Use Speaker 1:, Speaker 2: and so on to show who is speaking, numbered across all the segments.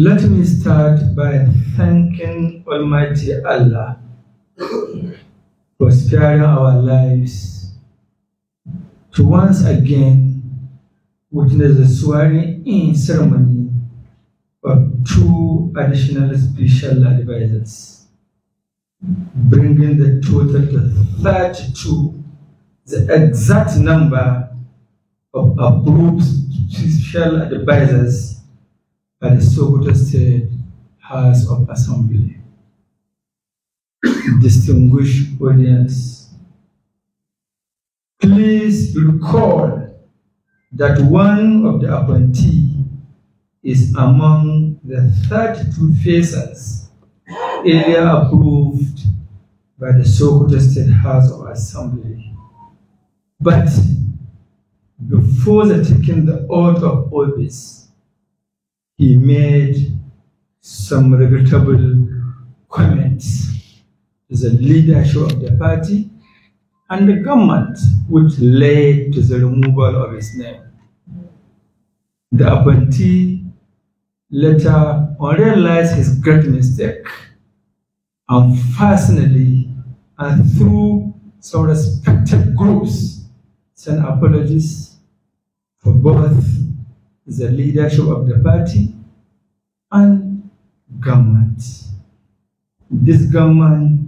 Speaker 1: Let me start by thanking Almighty Allah for sparing our lives to once again witness the swearing in ceremony of two additional special advisors, bringing the total to 32, the exact number of approved special advisors by the Sokoto State House of Assembly. Distinguished audience, please recall that one of the appointees is among the 32 faces earlier approved by the Sokoto State House of Assembly. But before the taking the oath of office, he made some regrettable comments as a leadership of the party and the government, which led to the removal of his name. The appointee later realized his great mistake and personally and through some respected groups sent apologies for both the leadership of the party and government. This government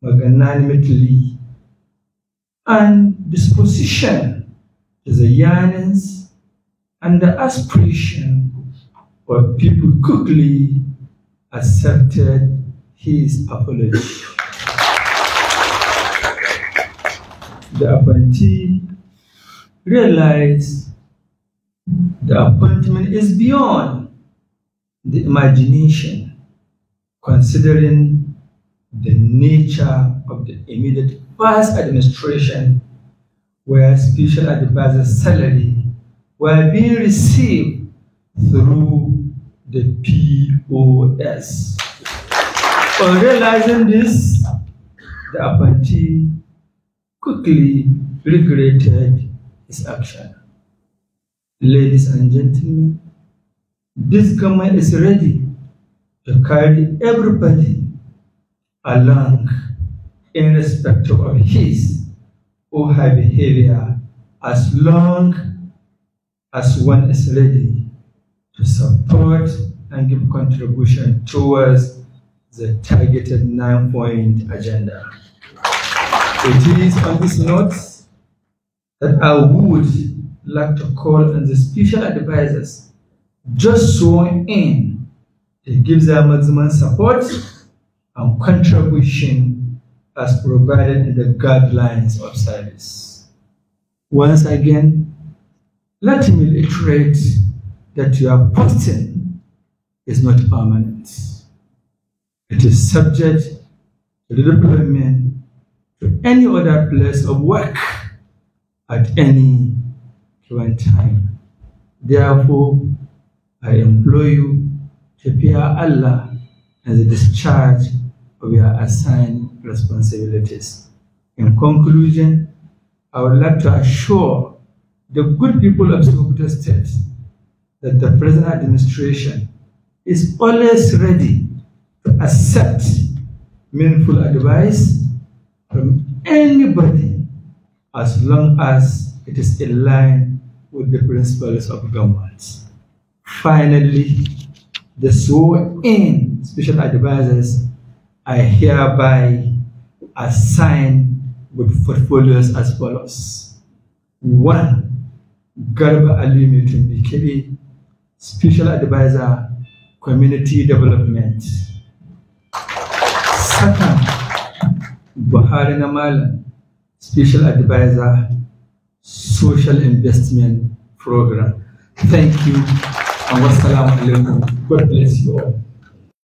Speaker 1: magnanimously and disposition to the yearnings and the aspiration of people quickly accepted his apology. the appointee realized the appointment is beyond the imagination, considering the nature of the immediate past administration, where special advisor's salary were being received through the POS. On realizing this, the appointee quickly regretted his action. Ladies and gentlemen, this government is ready to carry everybody along in respect of his or her behavior as long as one is ready to support and give contribution towards the targeted nine-point agenda. It is on this note that I would like to call on the special advisors just sworn in to give their maximum support and contribution as provided in the guidelines of service. Once again, let me reiterate that your posting is not permanent. It is subject to deployment to any other place of work at any one time. Therefore, I implore you to fear Allah as a discharge of your assigned responsibilities. In conclusion, I would like to assure the good people of Sokoto State that the present administration is always ready to accept meaningful advice from anybody as long as it is in line with the principles of governance. Finally, the sworn special advisors are hereby assigned with portfolios as follows. One, Garba Ali Mutum Special Advisor, Community Development. Second, Buhari Namal, Special Advisor, social investment program. Thank you and wassalamu alaikum. God bless you all.